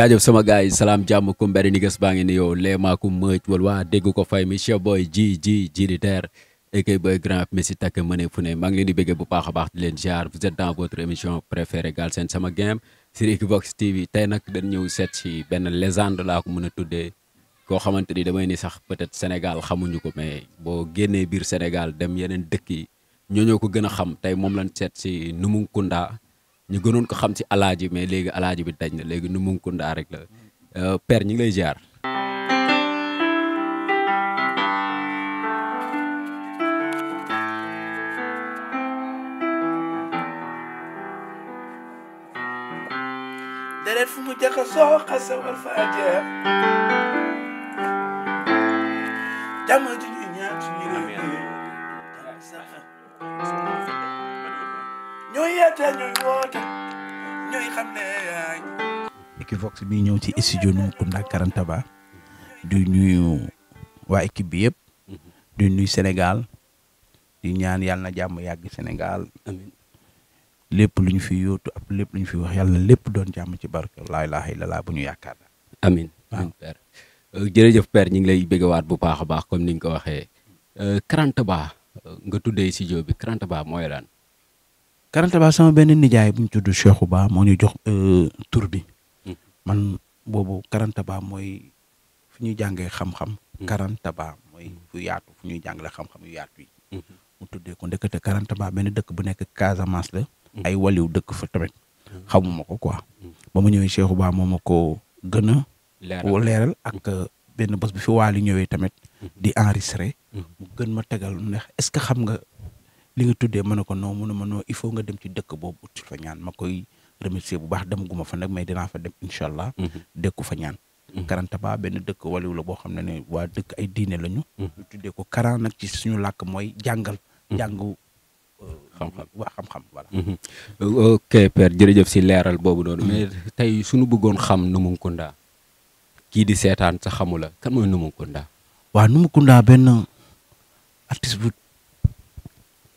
jaajëf sama gars yi salaam jàmm ku mbéri ni gës baa ngi ni yow léemaa ku mëj wal waa dégg ko fay mi chef boy ji ji ji di teer ékey boy grand mi si takk mëne fu ne maa ngi leen di bëgge bu baax a baax di leen jaar vous êtes dans votre émission préférée Galsen Sama Game sur Equivox TV tey nag dañ ñëw seet si benn légende laa ko mën a tuddee koo xamante ni damay ni sax peut-être Sénégal xamuñu ko mais boo génnee biir Sénégal dem yeneen dëkk yi ñooñoo ko gën a xam tey moom lañ seet si Numukunda ñu gënoon ko xam ci alaaji mais léegi alaaji bi daj na léegi nu mu kundaa rek la euh, père ñi lay ziar. deret fu mu jaxasoo xase war faa jeex Equivox bi ñëw ci studio Numukunda Karantaba du nuyu waa équipe bi yëpp du nuy Sénégal di ñaan yàlla na jàmm yàgg Sénégal amiin lépp lu ñu fi yootu ab lépp lu ñu fi wax yàlla lépp doon jàmm ci barke laa ilaaha bu ñu yaakaar amiin amiin père euh, jërëjëf père ñu ngi lay bëggewaat bu baax a baax comme ni nga ko waxee euh, Karantaba euh, nga tuddee studio bi Karantaba mooy lan Karantaba sama benn nijaay bu ñu tudd Cheikhou Ba moo ñu jox tur bi man boobu karantaba mooy fu ñuy jàngee xam-xam. Mm. karantaba mooy fu yaatu fu ñuy jàngale xam-xam yu yaatu yi. Mm-hmm. mu tuddee ko ndekete karantaba benn dëkk bu nekk Casamance la. Mm. ay waliw dëkk fa tamit. Mm. xamuma ko quoi. ba ma ñëwee Cheikhou Ba moom ma ko gën a. leeral ak benn bés bu fi waali ñëwee tamit. Mm-hmm. di enregistré. Mm-hmm. mu gën ma tegal mu ne est-ce que xam nga li nga tuddee ma ne ko non mu ne ma non il faut nga dem ci dëkk boobu ut fa ñaan ma koy. remercier bu baax dem guma fa nag mais dinaa fa dem incha allah. Mhm. dëkku fa ñaan. Mhm. karantaba benn dëkk waliw la boo xam ne ne waa dëkk ay diine lañu. Mhm. tuddee ko karan nag ci suñu làkk mooy jàngal. jàngu euh, xam-xam waa xam-xam voilà. Euh, jërëjëf si leeral boobu noonu. mais tey suñu bëggoon xam Numukunda kii di seetaan sa xamu la kan mooy Numukunda. waa Numukunda benn artiste bu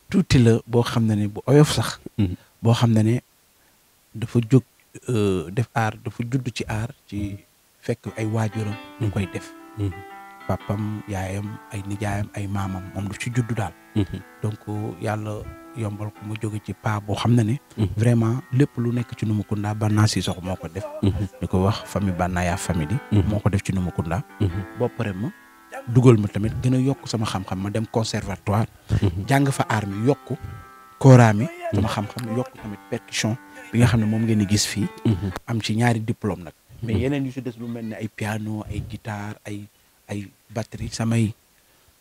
tuuti la boo xam ne ne bu oyof sax. boo xam ne ne dafa jóg euh, def aar dafa judd ci aar ci fekk ay waajuram ñu koy def mm-hmm. papam yaayam ay nijaayam ay maamam moom du ci juddu daal mm-hmm. donc yàlla yombal ko ma jóge ci paa boo xam ne ne mm-hmm. vraiment lépp lu nekk ci Numukunda Banna Cissokho moo ko def ñu ko wax famille Banna yaa famille yi moo ko def ci Numukunda boo pare ma dugal ma tamit gën a yokk sama xam-xam ma dem conservatoire jàng fa aar mi yokk kooraa mi sama xam-xam yokk tamit percussion bi nga xam ne moom ngeen di gis fii. Mhm. am ci ñaari diplôme nag. Mhm. mais yeneen yu si des lu mel ni ay piano ay guitare ay ay batterie samay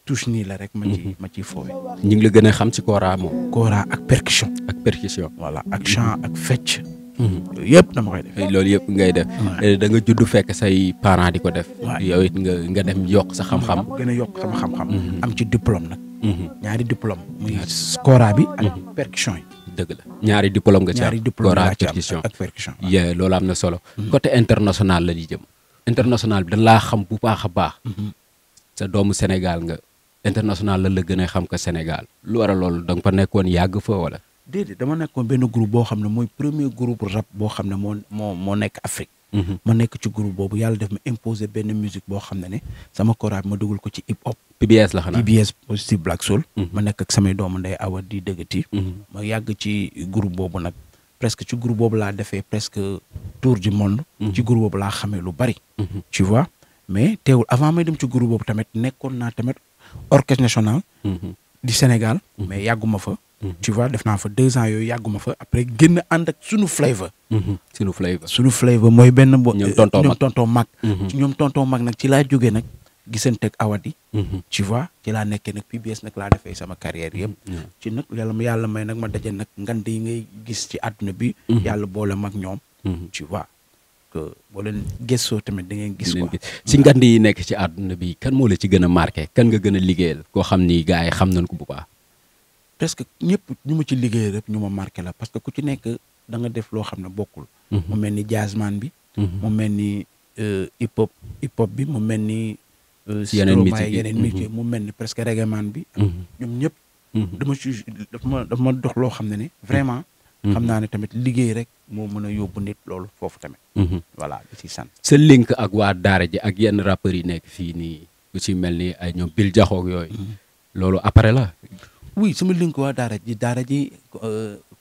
touche nii la rek. ma ci mhm. ma ciy fooy. ñu ngi la gën a xam si kora moom. kora ak percussion. ak percussion voilà ak chant ak fecc. yëpp dama koy def. Eh, loolu yëpp ngay def. Eh, da nga judd fekk say parent di ko def. yooyu it nga nga dem yokk sa xam-xam. gën a yokk xam-xam. am ci diplôme nag. ñaari diplôme muy kora bi ak percussion yi. dëgg la ñaari diplôme nga ci am kora ak percussion yee loolu am na solo mhm. côté international la ñuy jëm international bi dañ laa xam bu baax a baax mhm. sa doomu Sénégal nga international la la gën a xam ko Sénégal lu war a loolu da nga fa nekkoon yàgg fa wala déedéet dama nekkoon benn groupe boo xam ne mooy premier group rap boo xam ne moo moo moo nekk Afrique Mm-hmm. ma nekk ci groupe boobu yàlla def ma imposer benn musique boo xam ne ne sama koraab ma dugal ko ci hip hop. PBS la xanaa PBS si Black Soul. Mm-hmm. ma nekk ak samay doomu ndey awa di dëggati. Mm-hmm. ma yàgg ci groupe boobu nag presque ci groupe boobu laa defee presque tour du monde. ci groupe boobu laa xamee lu bari. ci vois mais teewul avant may dem ci groupe boobu tamit nekkoon naa tamit orchestre national. du Sénégal mais yàgguma fa. Mhm. tu vois def naa fa deux ans yooyu yàgguma fa après génn ànd ak sunu flavor. Mhm. sunu flavor sunu flavor mooy benn bo. ñoom tonton mag ñoom tonton mag. Mhm. ñoom tonton mag nag ci laa jógee nag gisanteeg awadi. tu vois ci laa nekkee nag PBS nag laa defee sama carrière yëpp. ci nag yàlla yàlla may nag ma daje nag ngand yi ngay gis ci àdduna bi. yàlla boole mag ñoom. tu vois que boo leen gëstoo tamit da ngeen gis. quoi si ngand yi nekk ci àdduna bi kan moo la ci gën a marqué kan nga gën a liggéeyal koo xam ni gars yi xam na nañ ko bu baax. presque ñëpp ñu ma ci liggéey rek ñu ma marqué la parce que ku ci nekk da def loo xam ne bokkul. Mhm. mu mel ni jazzman mhm. euh, bi. mu mel ni hip hop hip bi mu mel ni. yeneen métier yeneen mhm. métier mu mel ni presque reggae man bi. ñoom ñëpp. dama ci daf ma daf ma dox loo xam ne ni vraiment. xam naa ne tamit liggéey rek moo mën a yóbbu nit loolu foofu tamit. voilà di si sant. sa link ak waa Daara ji ak yenn rappeurs yi nekk fii nii ku ci mel ni ay ñoom Bill Jaxoog yooyu. loolu après la. oui su ma link waa daara ji daara ji ku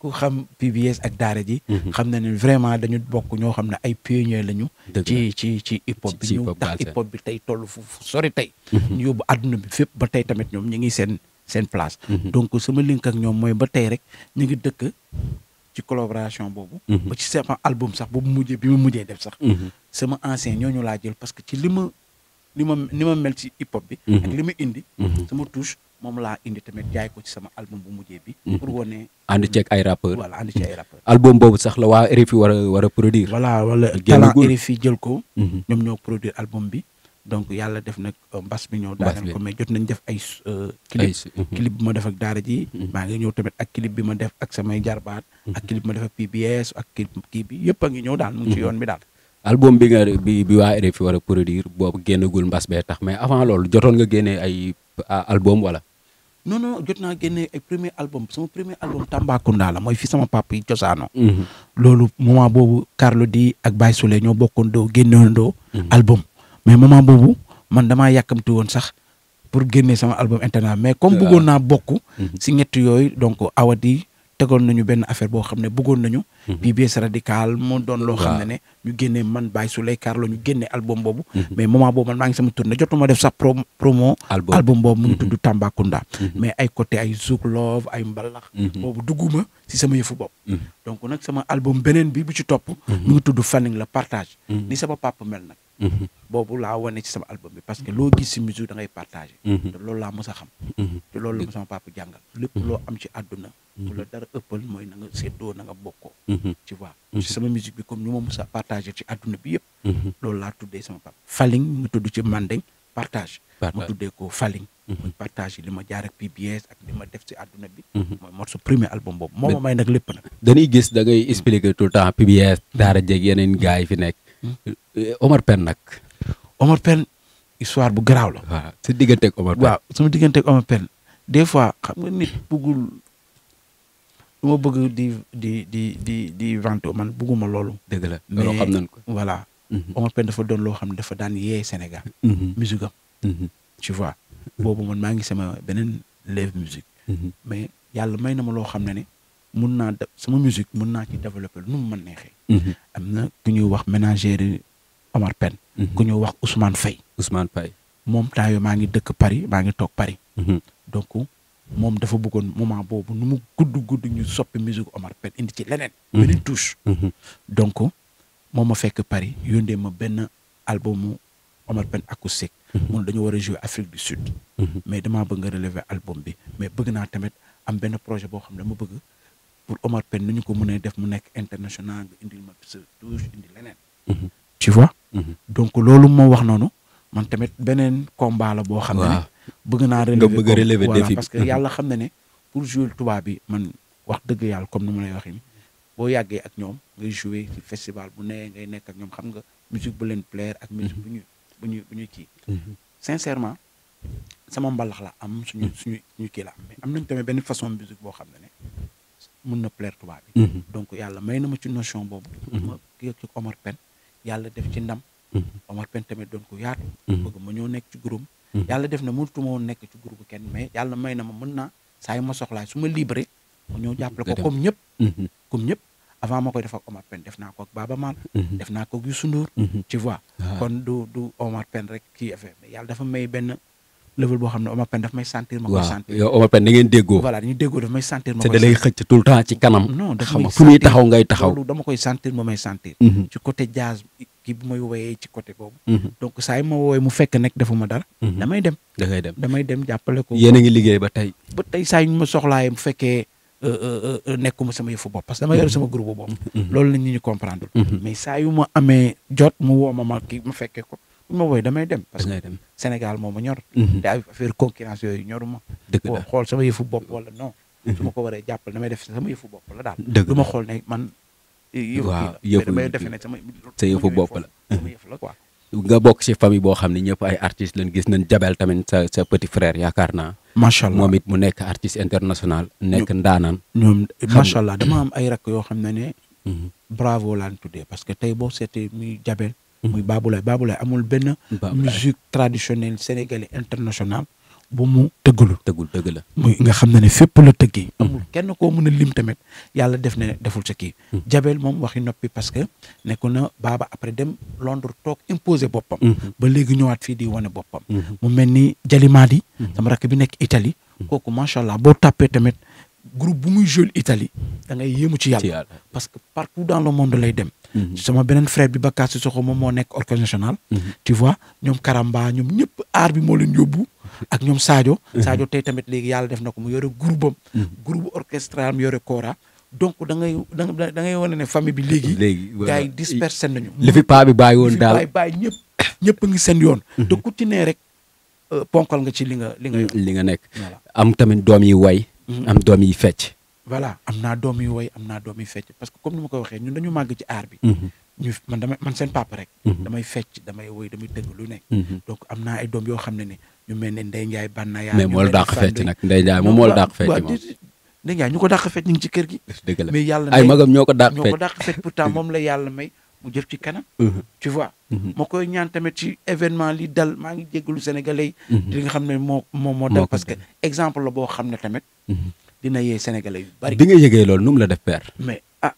euh, xam PBS ak daara ji. Mhm. xam na ne vraiment dañu bokk ñoo xam ne ay pionniers lañu. ci ci ci hip hop bi ñu tax hip hop bi tey toll fu sori tey. Mhm. ñu yóbbu àdduna bi fépp ba tey tamit ñoom ñu ngi seen seen place. Mhm. donc sama link ak ñoom mooy ba tey rek ñu ngi dëkk ci collaboration boobu. ba ci sama album sax boobu mujjee bi mu mujjee def sax. sama ñoo ñu laa jël parce que ci li ma li ma ni ma mel ci hip hop bi. ak li ma indi. moom laa indi tamit jaay ko ci sama album bu mujjee bi. Mhm. pour wane. ànd ceeg ay rappeurs voilà ànd ceeg ay rappeurs. album boobu sax la waa RFI war a war a produire. voilà wala talent jël ko. Mhm. ñoom ñoo produire album bi. donc yàlla def nag euh, mbas bi ñëw. daaneel ko jot nañ def ay. Euh, clip mhm. clip bi ma def ak daara ji. maa ngi ñëw tamit ak clip bi ma def ak samay jarbaat. ak clip bi ma def ak PBS ak clip kii bi yëpp a ngi ñëw daal yoon bi daal. album bi nga bi waa RFI war a boobu génnagul mbas bee tax mais avant loolu jotoon nga génnee ay album wala. non non jot naa génne premier album sama premier album Tambacounda la mooy fi sama papa yi cosaano mhm. loolu moment boobu Carlou D ak Baye Souley ñoo bokkoon doo génneendoo mhm. album mais moment boobu man damaa yàkkamti woon sax pour génne sama album internat mais comme bëggoon naa bokk mhm. si ñett yooyu donc awadi tegoon nañu benn affaire boo xam ne bëggoon nañu. Mhm. bii bees radical moo doon loo xam ne ne. ñu génnee man Baye Souley Carlo ñu génne album boobu. Mhm. mais moment boobu man maa ngi sama tournée jotuma def sax pro promo. album album boobu mu ngi mhm. tudd Tambacounda. mais ay côté ay Zouk Love ay mbalax boobu dugguma si sama yëfu bopp. donc nag sama album beneen bi bu ci topp. mu ngi tudd Fanning la partage. ni sama papa mel nag. boobu laa wane ci sama album bi parce que loo gis da ngay partagé mhm. te loolu laa mës xam mhm. te loolu la sama papa jàngal lépp mhm. loo am ci àdduna bu la dara ëppal mooy na nga séddoo na nga bokkoo ci sama musique bi comme ñu ma mës a partagé ci àdduna bi yëpp loolu laa tuddee sama papa Faling mu tudd ci Mandeng partage mu tuddee ko Faling muy partage li ma jaar ak PBS ak li ma def ci adduna bi mooy mot su premier album boobu moo may nag lépp nag dañuy gis da ngay expliquer tout le temps yi fi nekk Eh, Omar Pène nag. Omar Pène histoire bu garaaw la. waaw sa digganteeg Omar Pène. waaw sama digganteeg Omar des fois xam nga nit bëggul lu ma bëgg di di di di di vanté man bëgguma loolu. dëgg la loolu xam nañ ko voilà. Mhm. Omar Pène dafa doon loo xam ne dafa daan yee Sénégal. Mhm. musique am. Mhm. tu boobu man maa ngi sama beneen lève musique mais yàlla may na ma loo xam ne ne. mun naa def sama musique mun naa ci développer lu mu man neexee. Mhm. am na ku ñuy wax ménagère Omar Pène mhm. ku ñuy wax Ousmane Faye Ousmane Faye moom temps yooyu maa ngi dëkk Paris maa ngi toog Paris. Mhm. donc moom dafa bëggoon moment boobu nu mu gudd gudd ñu soppi musique Omar Pène indi ci leneen. beneen touche. donc moom ma fekk Paris yónnee ma benn albumu Omar Pène acoustique. mun dañu war a jouer Afrique du Sud. mais damaa bëgg nga relever album bi mais bëgg naa tamit am benn projet boo xam ne ma bëgg. pour Omar pen nu ñu ko mënee def mu nekk international nga indil ma sa touche indi leneen. Mhm. tu vois. Mhm. donc loolu moo wax noonu man tamit beneen combat la boo. xam ne bëgg naa relever voilà parce que mhm. yàlla xam na ne pour jouer tubaab bi man wax dëgg yàlla comme ni ma lay waxee boo yàggee ak ñoom ngay jouer ci bu nee ngay nekk ak ñoom xam nga musique bu leen plaire ak musique bu ñu bu ñu ñu kii. sincèrement sama mbalax la am suñu suñu ñu kii la am mais am nañ tamit benn façon musique boo xam ne ne. mën na plaire tubaab bi mhm. donc yàlla may na ma ci notion boobu mhm. ma kii ci Omar Pène yàlla def ci ndam mhm. Omar Pène tamit doon ko yaatu bëgg ma ñëw nekk ci groupe yàlla def na mënutuma woon nekk ci groupe kenn mais yàlla may na ma mën na saa yu ma soxlaa su ma libre ma ñëw jàppale ko kom ñëp comme ñëpp avant ma koy def Omar Pène def naa ko ak Baba Maal def naa ko ak Youssou Ndour tu vois ah. kon du Omar Pène rek kii affaire mais yàlla dafa may benn level boo xam ne Omar Pène daf may sentir. ma koy sentir waaw yow Omar Pène da ngeen déggoo. voilà dañuy déggoo daf may sentir. ma koy sentir te da lay xëcc tout le temps ci kanam. non daf may sentir xam nga fu muy taxaw ngay taxaw. loolu dama koy sentir ma may sentir. Mhm. ci côté jazz kii bu may woyee ci côté boobu. Mhm. donc saa yi ma woowee mu fekk nekk defu ma dara. Mhm. damay dem. da ngay dem damay dem jàppale ko. yéen a ngi liggéey ba tey. ba tey saa ñu ma soxlaayee mu fekkee euh, euh, euh, nekkuma sama yëfu bopp parce que dama yor sama groupe bopp. loolu la nit ñi comprendre. mais saa yu ma amee jot mu woo ma ma kii ma fekkee ko ma wooyee damay dem. parce que Sénégal moo ma ñor. Mhm. te affaire concurrence yooyu ñoruma. dëgg la xool sama yëfu bopp wala non. Mhm. su ma ko waree jàppale damay def sama yëfu bopp la daal. ma la sama yëf la moom it mu nekk artiste international. nekk ndaanaan. ñoom allah dama am ay rakk yoo xam ne ne. Mhm. bravo laan tuddee parce que tey boo seetee muy Jabel. muy mhm. Baboulaye Baboulaye amul benn. musique traditionnelle sénégalais international bu mu tëggul. tëggul dëgg la muy nga xam ne ne fépp la tëggee. Mhm. amul kenn koo mën a lim tamit yàlla def ne deful sa kii. Mhm. Jabel moom waxi noppi parce que nekku na baaba après dem Londres toog imposé boppam. ba léegi ñëwaat fii di wane boppam. mu mel ni Jalimaadi. sama rakk bi nekk itali kooku macha allah boo tàppee tamit groupe bu muy joué Italie da ngay yéemu ci yàlla. parce que partout dans le monde lay dem. Mhm. sama beneen frère bi Bakar Sissoko moom moo nekk orchestre mhm. tu vois ñoom Karamba ñoom ñëpp aar bi moo leen yóbbu. ak ñoom saajo mhm. saajo tey tamit léegi yàlla def na ko mu yore groupe am. groupe orchestral mu yore kora donc da ngay da da ngay wane ne famille bi léegi. léegi gars yi dispersé nañu. li fi paa bi bàyyi woon daal li fi ñëpp ñëpp ngi seen yoon. te ku nee rek euh, ponkal nga ci li nga li nga. li nga nekk am tamit doom yi way. am doom yi fecc. voilà am naa doom yu woy am naa doom yu fecc parce que comme ni ma ko waxee ñun dañu màgg ci aar bi. Mhm. ñu man damay seen papa rek. Mhm. damay fecc damay woy damay tëgg lu mhm. donc am naa ay doom yoo xam ne ni ñu mel ne Ndeye Ndiaye bànna ko dàq fecc ñu ngi ci kër gi. dëgg ko dàq la yàlla may mu jëf ci kanam. tu vois. ma koy ñaan tamit événement li dal maa ngi jéggalu sénégalais yi. li xam ne moo moo moo dal parce que exemple la boo xam ne tamit dina yee sénégalais yu bari. bi nga yëgee loolu nu mu la def père. mais ah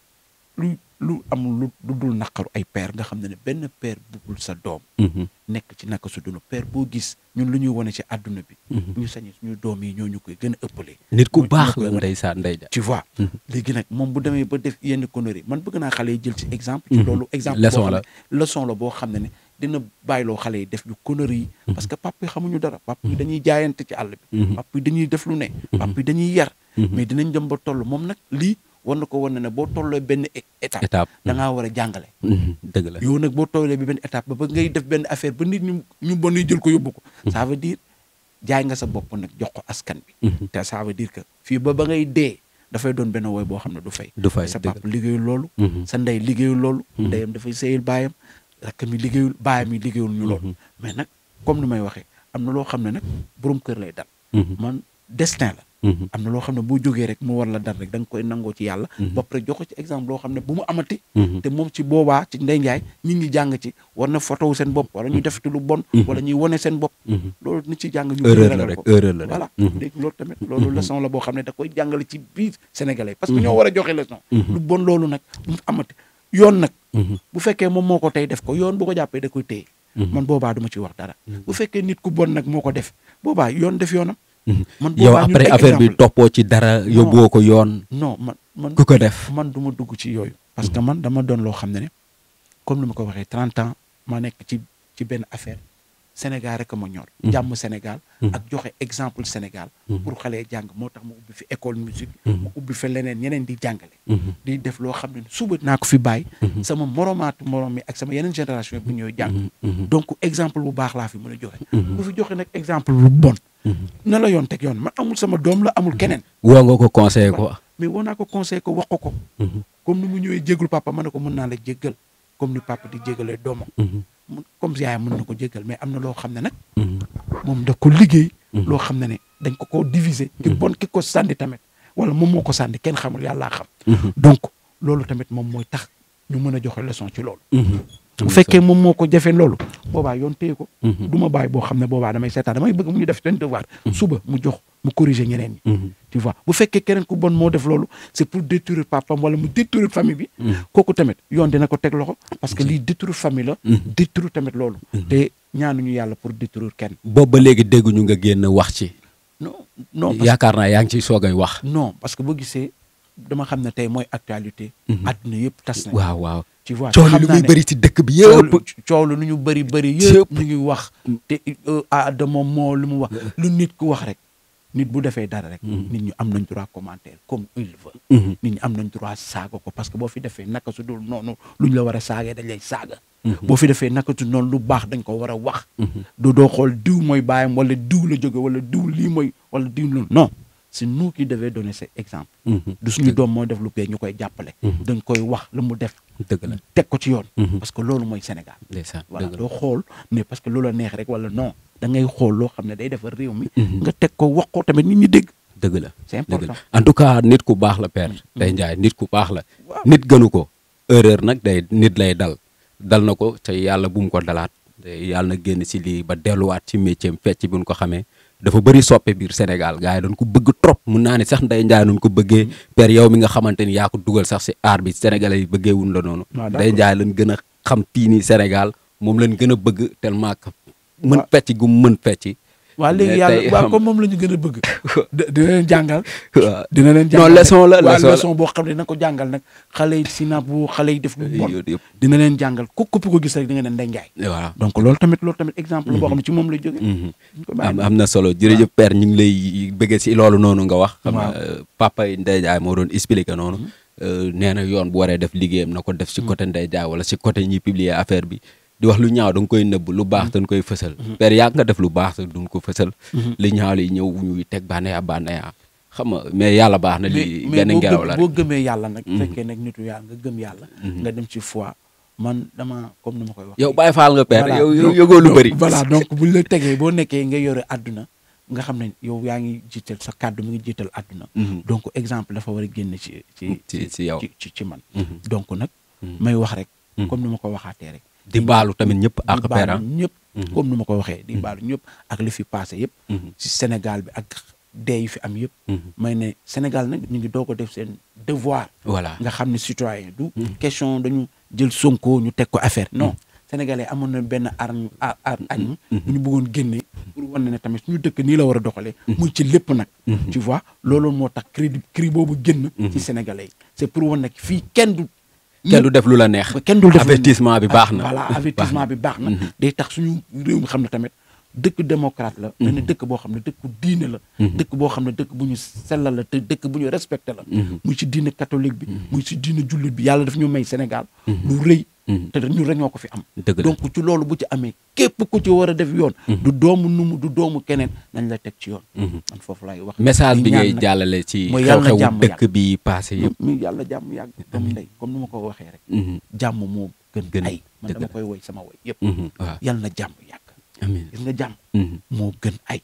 lu lu am lu lu dul naqaru ay père nga xam ne ne benn père bëggul sa doom. Mm-hmm. nekk ci naka su dunu père boo gis ñun lu ñuy wane ci àdduna bi. Mm-hmm. ñu sañ suñu doom yi ñoo ñu koy gën a ëppale. nit ku baax la ndeysaan ndey ja. tu vois mm-hmm. léegi nag moom bu demee ba def yenn conneries man bëgg naa xale yi jël ci exemple. ci loolu exemple leçon la leçon la boo xam ne ne. dina bàyyiloo xale yi def ñu conneries yi mhm. parce que papp yi xamuñu dara papp yi mhm. dañuy jaayante ci àll bi mhm. pap yi dañuy def lu ne pap yi dañuy yar mais dinañ dem ba toll moom nag lii war na ko wan ne boo tollee benn étape da war a jàngale dëgg la yow nag boo tollee bi benn étape ba ba ngay def benn affaire ba nit ñu ñu bon yi ko yóbbu ko ça veut dire nga sa bopp nag jox ko askan bi te ça veut que fii ba ba ngay dee dafay doon benn woy boo xam ne du fay. du fay sa papa liggéeyu loolu. sa ndey liggéeyu loolu. ndeyam dafay sëyil baayam rakk mi liggéeyul baay mi liggéeyul ñu lool. Mhm. mais nag comme ni may waxee am na loo xam ne nag borom kër lay dal. Mhm. man destin mhm. am na loo xam ne boo jógee rek mu war la dal rek da nga koy nangoo ci yàlla. ba pare jox loo xam ne bu mu amati. te moom ci boobaa ci Ndeye Ndiaye ñi ngi jàng ci war na photo seen bopp wala ñuy defati lu bon. wala ñuy wane seen bopp. loolu nit ci jàng ñu. erreur la rek erreur la voilà loolu tamit loolu leçon la boo xam ne da koy jàngale ci biir sénégalais. parce que ñoo war a joxe leçon. lu bon loolu nag bu mu amati yoon nag. Mm-hmm. bu fekkee moom moo ko tey def ko yoon bu ko jàppee da koy téye mm-hmm. man boobaa duma ci wax dara mm-hmm. bu fekkee nit ku bon nag moo ko def boobaa yoon def yoonam man yow après affaire bi toppoo ci dara yóbbuwoo ko yoon non man man ku ko def man duma dugg ci yooyu parce que man dama doon loo xam ne ne comme ni ma ko waxee trente ans ma nekk ci ci benn affaire Sénégal rek a ma ñor. Mm-hmm. jàmm Sénégal. Mm-hmm. ak joxe exemple Sénégal. Mm-hmm. pour xale jàng moo tax mu ubbi fi école musique. mu ubbi fa leneen ñeneen di jàngale. di def loo xam ne suba naa ko fi bàyyi. sama moromaatu morom mi ak sama yeneen génération bu ñooy jàng. donc exemple bu baax laa fi mën a joxe. bu fi joxe nag exemple bu bon. na la yoon teg yoon ma amul sama doom la amul keneen. woo nga ko conseillé ko. mais woo naa ko conseillé ko wax ko ko. comme ni mu ñëwee jégul papa ma ne ko mën naa la jéggal comme ni papa di jégalee doomam. comme yaayam mun na ko jéggal mais am na loo xam ne nag. Mm-hmm. moom da ko liggéey. Mm-hmm. loo xam ne ne dañ ko koo diviser. ci mm-hmm. bon ki ko sànni tamit wala moom moo ko sandi kenn xamul yàllaa xam. donc loolu tamit moom mooy tax ñu mën a joxe leçon ci loolu. bu fekkee moom moo ko jafe loolu boobaa yoon téye ko mhm. du ma bàyyi boo xam ne boobaa damay seetaan damay bëgg mu ñu def seen devoir mhm. suba mu jox mu corriger ñeneen ñi mhm. tu vois bu fekkee keneen ku bon moo def loolu c'est pour détruire papam wala mu détruire famille bi kooku tamit yoon dina ko teg loxo parce que lii détruire famille la détruire tamit loolu te ñaanuñu yàlla pour détruire kenn boobu ba léegi dégguñu nga génn wax ci non yaakaar naa yaa ngi ciy soogay wax non parce que boo gisee dama xam ne tey mooy actualité àdduna yëpp tas na waaw waaw tu vois coow lu muy dëkk bi yëpp coow lu ñu bëri bëri yëpp ñu ngi wax mm. te euh, Adama moo lu mu wax mm. lu nit ku wax rek nit bu defee dara rek mm. nit ñu am nañ droit commentaire comme il veut mm-hmm. nit ñu am nañ droit saaga ko parce que boo fi defee naka su dul noonu lu ñu la a saagee dañ lay saaga mm-hmm. boo fi defee naka su lu baax dañ ko war a wax mm-hmm. doo doo xool diw mooy baayam wala diw la jóge wala diw lii mooy wala diw loolu non c'est nous qui devons donner cet exemple. Mm-hmm. du suñu doom mooy def lu ñu koy jàppale. Mm-hmm. dañ koy wax lu mu def. dëgg la teg ko ci yoon. Mm-hmm. parce que loolu mooy Sénégal. voilà doo xool mais parce que loola neex rek wala non da ngay xool loo xam ne day defar réew mi. nga teg ko wax ko tamit ñu ñi dégg. dëgg la c'est important en tout cas nit ku baax la père. Ndeye Ndiaye nit ku baax la. nit gënu ko erreur nag day nit lay dal dal na ko te yàlla bu ko dalaat yàlla na génn si lii ba delluwaat ci métier fecc bi ñu ko xamee. dafa bëri soppe biir Sénégal gars yi dañ ko bëgg trop mun naa ne sax Ndeye Ndiaye doon ko bëggee père yow mi nga xamante ni yaa ko dugal sax si aar bi sénégalais yi bëggee wuñ la noonu Ndeye Ndiaye lañ gën a xam tiini Sénégal moom lañ gën a bëgg tellement que mën fecc gu mën fecc waa léegi yàlla waa comme moom la ñu gën a bëgg. dina leen jàngal. waaw dina leen jàngal non leçon la leçon boo xam ne dina ko jàngal nag xale yi si napp xale yi def lu bon dina leen jàngal ku képp ko gis rek di nga ne Ndeye Ndiaye. waaw donc loolu tamit loolu tamit exemple boo xam ne mm-hmm. ci moom la jóge mm-hmm. am am na solo jërëjëf per ñu ngi lay bëgg si loolu noonu nga wax. xam nga euh, papa moo doon expliqué noonu. Mm-hmm. Euh, nee na yoon bu waree def liggéeyam na ko def si côté Ndeye Ndiaye wala si côté ñi publier affaire bi. di wax lu ñaaw da nga koy nëbb lu baax mm-hmm. dañ koy fësal mm-hmm. per yàgg nga def lu baax te duñ ko fësal mm-hmm. li ñaaw li ñëw ñuy teg bànneex bànneex xam nga mais yàlla baax na li benn ngelaw la boo gëmee yàlla nag fekkee nag nitu yàlla nga gëm yàlla nga dem ci foi man dama comme ni ma koy wax yow bàyyi faal nga père yow yëgoo lu bëri voilà donc buñ la tegee boo nekkee nga yore nga xam ne yow yaa ngi jiital sa kàddu mi ngi jiital àdduna donc exemple dafa war a génn ci ci ci yow ci ci man donc nag may wax rek comme ni ma ko waxaatee rek di baalu tamit ñëpp ak pera ñëpp mhm. comme nu ma ko waxee di mhm. baalu ñëpp ak li fi passé yëpp si mhm. Sénégal bi ak dee yi fi am yëpp may ne Sénégal nag ñu ngi doo ko def seen devoir voilà nga xam ne citoyen du question dañu jël Sonko ñu teg ko affaire non Sénégalais amoon na benn arme arme bu ñu bëggoon génne pour wane ne tamit ñu dëkk nii la war a doxalee muy ci lépp nag tu vois loolu moo tax crédit crédit boobu génn ci Sénégalais yi pour wane fii kenn du kenn du def lu la neex. kenn du def avertissement bi baax na. voilà avertissement bi baax na. Mhm. day tax suñu réew mi xam ne tamit dëkk démocrate la. dañu mhm. dëkk boo xam ne dëkk diine la. Mhm. dëkk boo xam ne dëkk bu ñu sellal la te dëkk bu ñu respecté la. mu ci diine catholique bi. muy ci diine jullit bi yàlla daf ñu may Sénégal. lu rëy. Mm-hmm. te ñun rek ñoo ko fi am. donc ci loolu bu ci amee képp ku ci war a def yoon. Mm-hmm. du doomu numu du doomu keneen nañ la teg ci yoon. Mm-hmm. man foofu lay wax. message bi ngay jàllale ci xew-xewu dëkk bi passé yëpp. mi yàlla jàmm yàgg doomu ndey comme ni ma ko waxee rek. jàmm moo gën gën ay man dama koy woy sama woy yëpp. waaw yàlla na jàmm yàgg. amiin gis nga jàmm. moo gën ay.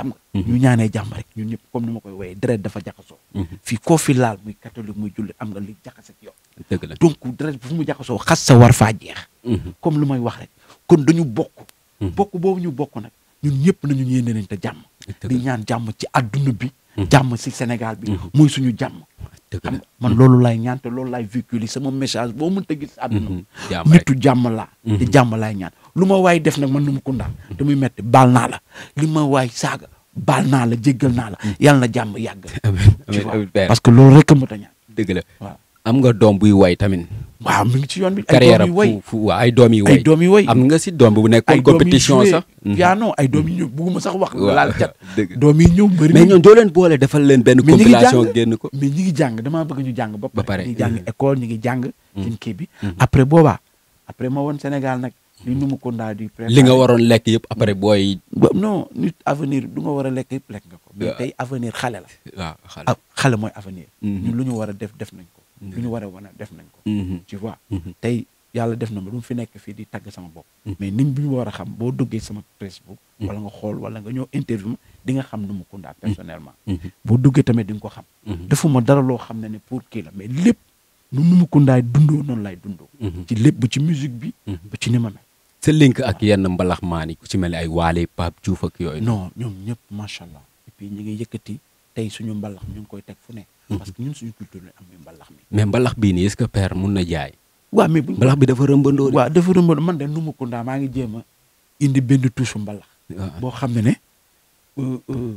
xam nga mhm. ñu ñaanee jàmm rek ñun ñëpp comme ni ma koy woyee deret dafa jaxasoo mhm. fii koo fi laal muy catholique muy julli am nga li jaxas ak yow la donc deret fu mu jaxasoo xas sa war faa jeex mhm. comme lu may wax rek kon dañu bokk bokk boobu ñu bokk nag ñun ñëpp nañu yéene leen te jàmm di ñaan jàmm ci adduna bi jàmm si Sénégal bi muy suñu jàmm xam nga man loolu laay ñaan te loolu laay véhiculer sama message boo mën ta gis àdduna nitu jàmm la te jàmm laay ñaan lu ma waay def nag man nu ma ko ndax te muy metti baal naa la li ma waay saaga baal naa la jéggal naa la hmm. yàlla na jàmm yàgg. parce que loolu rek a ta a ñaan. dëgg am nga doom buy way tamit. waaw mi ngi ci yoon bi ay doom yi way carrière doom yi way doom yi way am nga si doom bu nekkoon compétition sax. piano ay doom yi hmm. ñëw sax wax. laal cat doom yi ñëw bëri mais ñoom doo leen boole defal leen benn. compilation génn ko mais ñi ngi jàng damaa bëgg ñu jàng ba pare. ñi ngi jàng hmm. école ngi jàng. kii bi après boobaa après ma woon Sénégal nag li Numukunda di préparé li nga waroon lekk yëpp après booy. non nit avenir du nga war a lekk yëpp lekk nga ko. Euh, mais tey avenir xale la. waaw xale ah, mooy avenir. Mhm. ñun lu ñu war a def def nañ ko. Mhm. lu ñu war a wan a def nañ ko. Mhm. tu vois tey yàlla def na ma lu fi nekk fii di tagg sama bopp. mais nit bi ñu war a xam boo duggee sama Facebook. wala nga xool wala nga ñëw interview di nga xam Numukunda personnellement. boo duggee tamit di nga ko xam. defuma dara loo xam ne ne pour kii la mais lépp nu Numukunda dundoo noonu lay dundoo. ci lépp bu ci musique bi. bu ci ni ma mel. sa link ak yenn mbalax maan yi ku ci mel ay waale Pape Diouf ak yooyu. non ñoom ñëpp macha allah et puis ñu ngi yëkkati tey suñu mbalax ñu ngi koy teg fu ne. Mhm. parce que ñun suñu culture la amee mbalax mais mbalax bii nii est-ce que père mun na jaay. waaw mais bu mbalax bi dafa rëmbandoo. waaw man de nu mu maa ngi jéem a indi benn touche mbalax. Ah, ah. boo xam ne ne. Euh, euh,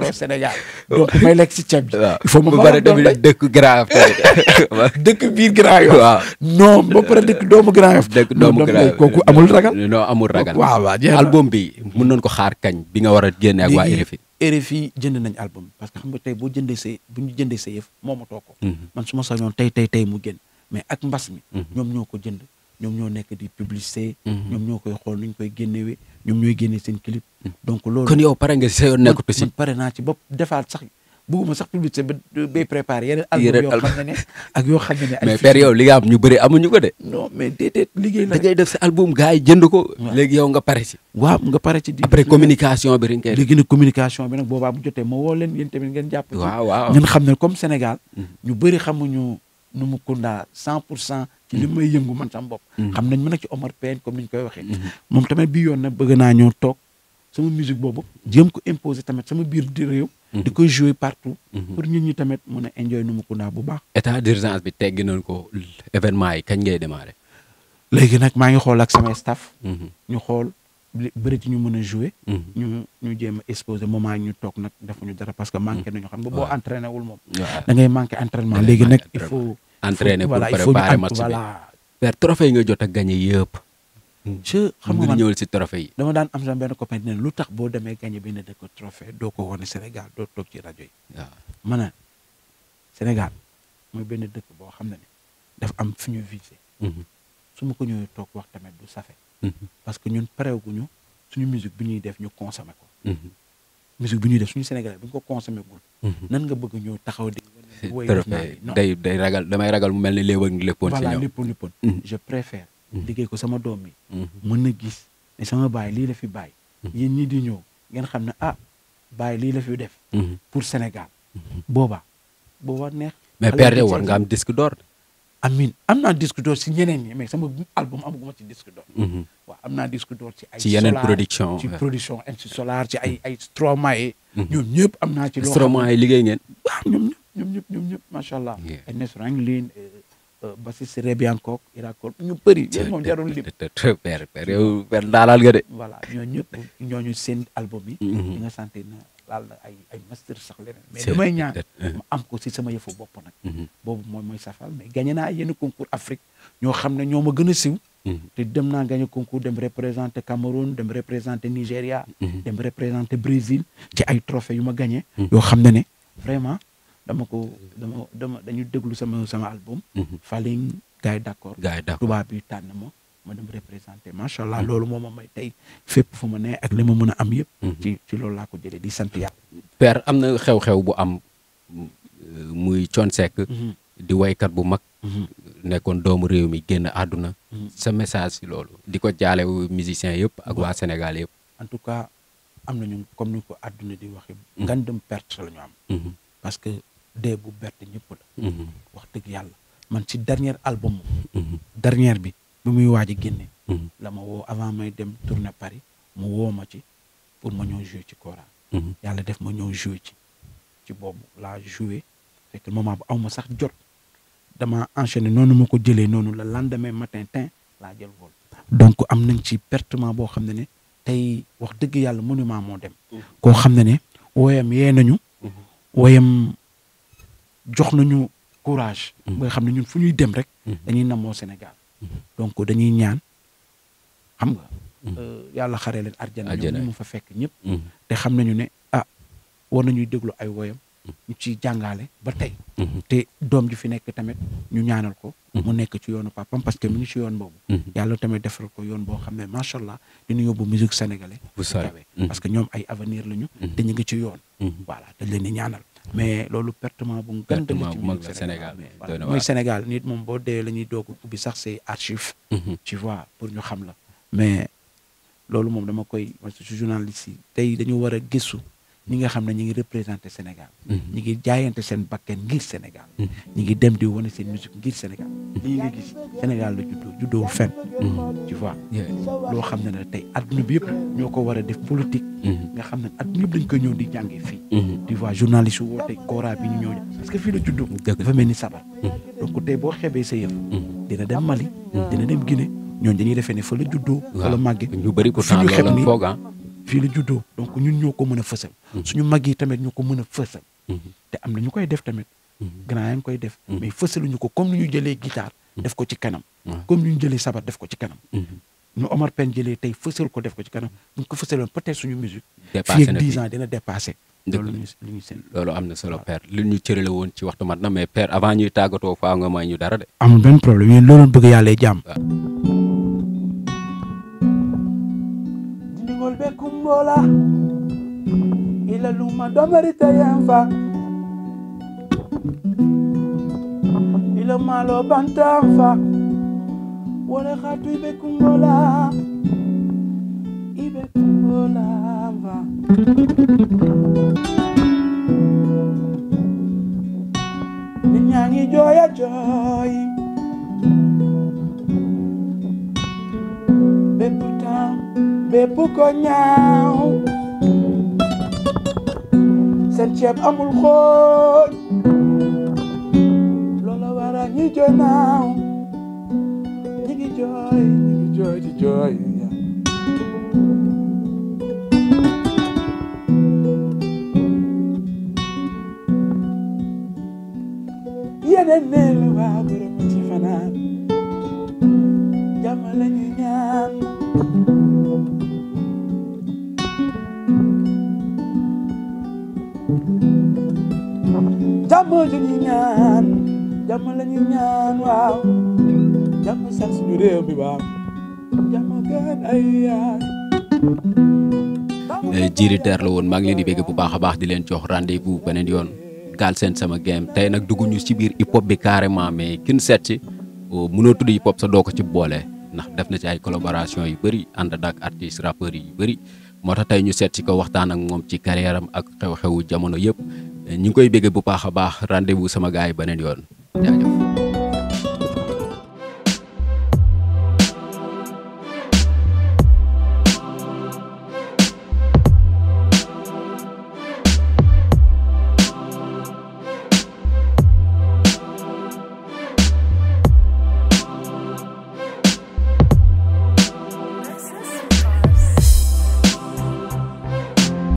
weeroo Sénégal. donc may lekk ci ceeb bi. il faut ma mën a dëkk Grand Yoff. dëkk biir Grand Yoff. waaw non ba pare dëkk doomu Grand Yoff. dëkk doomu Grand Yoff kooku amul ragal. non amul ragal. waaw waaw album bi mun nañu ko xaar kañ bi nga war a génne ak waa RFI. RFI jënd nañ album parce que xam nga tey boo jëndee sa bu ñu jëndee sa yëf moomatoo ko. Mhm. man su ma sañoon tey tey tey mu génn mais ak mbas mi. Mhm. ñoom ñoo ko jënd ñoom ñoo nekk di publicité. Mhm. ñoom ñoo koy xool nuñ koy génnewee ñoom ñooy génne seen clip. Mhm. donc lool kon yow pare nga si sa yoon nekkatu bopp defaat sax bugguma sax publicité ba bay préparé yeneen. yeneen yoo xam ne yow li nga am ñu bëri amuñu ko de. non mais déedéet liggéey la da def sa album gars yi ko. léegi yow nga pare si. waaw nga pare ci di. après communication bi rek. léegi nag communication bi nag boobaa bu jotee mo woo leen yéen tamit ngeen jàpp. waaw waaw ngeen xam ne comme Sénégal. Mhm. ñu bëri xamuñu Numukunda cent pour cent ci li may yëngu man sama bopp mm-hmm. xam nañ ma nag ci Omar Pène comme ni ñu koy waxee mm-hmm. moom tamit bi yoon nag bëgg naa ñëw toog sama musique boobu jéem ko imposer tamit sama biir di réew mm-hmm. di ko jouer partout pour ñun ñi tamit mu a enjoy Numukunda bu baax état d'urgence bi teggi noonu ko événement yi kañ ngay démarrer léegi nag maa ngi xool ak sama staff ñu xool bëri ci ñu mën a jouer. Mhm. ñu ñu jéem a exposer moment ñu toog nag defuñu dara parce que manqué nañu xam nga boo entraîné wul moom. da ngay manqué entraînement léegi nag il faut. entraîner pour préparer match bi voilà trophée yi nga jot a gagné yëpp. Mm. je xam nga man ñëwal si trophée yi. dama daan am sama benn copain dina lu tax boo demee gagné benn dëkk trophée doo ko wane Sénégal doo toog ci rajoy yi. waaw Sénégal mooy benn dëkk boo xam ne daf am fu ñu visé. Mhm. su ma ko ñëwee toog wax tamit du safe. Mhm. parce que ñun pareeguñu suñu musique bi ñuy def ñu consommé ko. Mhm. musique bi ñuy def suñu Sénégalais bu ñu ko consommé gul. Mhm. nan nga bëgg ñu taxaw di. day day ragal damay ragal mu mel ni léew ak léppoon si ñoom voilà léppoon léppoon je préfère. liggéey ko sama doom yi. mën na gis ne sama baay lii la fi bàyyi. yéen ñi di ñëw ngeen xam ne ah baay lii la fi def. pour Sénégal. booba booba neex. mais perte war nga am disque door amin am naa disque d'or si ñeneen ñi mais sama album amaguma ci disque d'or mm-hmm. waaw am naa disque d'or ci ay ci yeneen production ci production MC Solar ci ay ay Stromae mm-hmm. ñoom ñëpp am naa ci loo Stromae liggéey ngeen waaw ñoom ñëpp ñoom ñëpp ñoom macha allah Ernest Ranglin eh, eh, bassiste Rébi Hancock Irakor ñu bëri yéen moom jarul lim per per yow per daalaal nga de voilà seen album yi di nga laal na ay ay master sax leneen mais damay ñaan eh. mu am ko si sama yëfu bopp nag mm-hmm. boobu mooy mooy safal mais gagné naa yenn concours Afrique ñoo xam ne ñoo ma gën a siw mm-hmm. te dem naa gagné concours dem représenté Cameroun dem représenté Nigéria mm-hmm. dem représenté Brésil ci ay trophées yu ma gagné yoo xam ne ne vraiment dama ko dama dama dañu déglu sama sama album Faling gars yi d'accord gars yi d'accord tubaab bi tànn ma ma dem représenté macha allah mm. loolu moo ma may tey fépp fu ma ne ak li ma mën a am yëpp. Mm-hmm. ci loolu laa ko jëlee di sant yàlla. père am na xew-xew bu am euh, muy Thione mm-hmm. di waykat bu mag. Mm-hmm. nekkoon doomu réew mi génn àdduna. sa message si loolu. di ko jaale musiciens yëpp ak waa Sénégal yëpp. en tout cas am na ñu comme ni ko àdduna di waxee. ngan dem perte la ñu am. parce que dee bu berte ñëpp la. wax dëgg yàlla man ci dernier album. dernière bi. bi muy waaj a génne. Mm-hmm. la ma woo avant may dem tourner Paris mu woo ma ci pour ma ñëw jouer ci Kora. Mm-hmm. yàlla def ma ñëw jouer ci ci boobu laa jouer fekk moment bu aw ma sax jot dama enchaîner noonu ma ko jëlee noonu la lendemain matin tin laa jël vol. donc am nañ ci pertement boo xam ne ne tey wax dëgg yàlla monument moo dem. Mm-hmm. koo xam ne ne woyam yee nañu. woyam jox nañu courage. nga xam ne ñun fu ñuy dem rek. dañuy namoo Sénégal. donc dañuy ñaan xam nga. Mm-hmm. Euh, yàlla xare leen arjana ñoom ñi mu fa fekk ñëpp. Mm-hmm. te xam nañu ne ah war nañuy déglu ay woyam. Mm-hmm. ñu ciy jàngaale ba tey. te doom ji fi nekk tamit ñu ñaanal ko. mu nekk ci yoonu papam parce que mu ngi ci yoon boobu. yàlla tamit defal ko yoon boo xam ne macha allah dina yóbbu musique sénégalais. bu parce que ñoom ay avenir lañu. te ñu ngi ci yoon. voilà dañ leen ñaanal. mais loolu pertement bu gën la ci biir Sénégal mooy Sénégal nit moom boo dee lañuy ñuy doog ubbi sax say archive mhm. tu vois pour ñu xam la mais loolu moom dama koy journaliste yi tey dañu war a gëstu ñi nga xam ne ñu ngi représenté Sénégal mhm. ñu ngi jaayante seen bakken ngir Sénégal mhm. ñu ngi dem di wane seen musique ngir Sénégal mhm. lii nga gis Sénégal la juddoo juddoo fen tu vois loo xam ne ne tey adduna bi yëpp ñoo ko war a def politique nga xam ne adduna yëpp dañ ko ñëw di jàngee fii tu vois journaliste yu woote kora bi ñu ñëw parce que fii la juddoo dafa mel ni sabar donc tey boo xebee sa yëf dina dem dina dem Guinée ñooñu dañuy defee ne fa la juddoo fa ñu bëri pourtant loolu la fii la juddoo donc ñun ñoo ko mën a fësal mhm. suñu mag yi tamit ñoo ko mën a fësal mhm. te am na ñu koy def tamit mhm. grand koy def mais fësaluñu ñu ko comme ñu jëlee sabar def ko ci kanam ñu Omar Pène jëlee tey fësal ko def ko ci kanam bu ñu ko fësaloon peut-être suñu musique fii ak dix dina dépassé loolu ñu seen loolu am na solo père li ñu cërale woon ci waxtu mat na mais père avant ñuy tàggatoo faa nga may ñu dara de amul benn problème yéen looloon bëgg yàlla jàmm mbola ila luma domerite yenfa ila malo bantanfa wole khatu ibe kungola ibe kungola mva ninyangi joya joya bu ko ñaaw seen ceeb amul xool loola waral ñi jonaaw ñi ngi jooy ñi ngi jooy di jooy yeneen ne la waa gërëm jàmm ju la woon maa ngi leen di bégg bu baax a baax di leen jox rendez-vous beneen yoon Galsen sama game tey nag dugg ñu ci biir hip hop bi carrément mais kin seet ci oh, mënoo tudd hip hop sa doo ko ci boole ndax def na ci ay collaboration yu bari ànd ak artistes rappeurs yu bari moo tax tey ñu seet si ko waxtaan ak moom ci carrière am ak xew-xewu jamono yëpp ñu ngi koy bégge bu baax a baax rendez-vous sama gars yi beneen yoon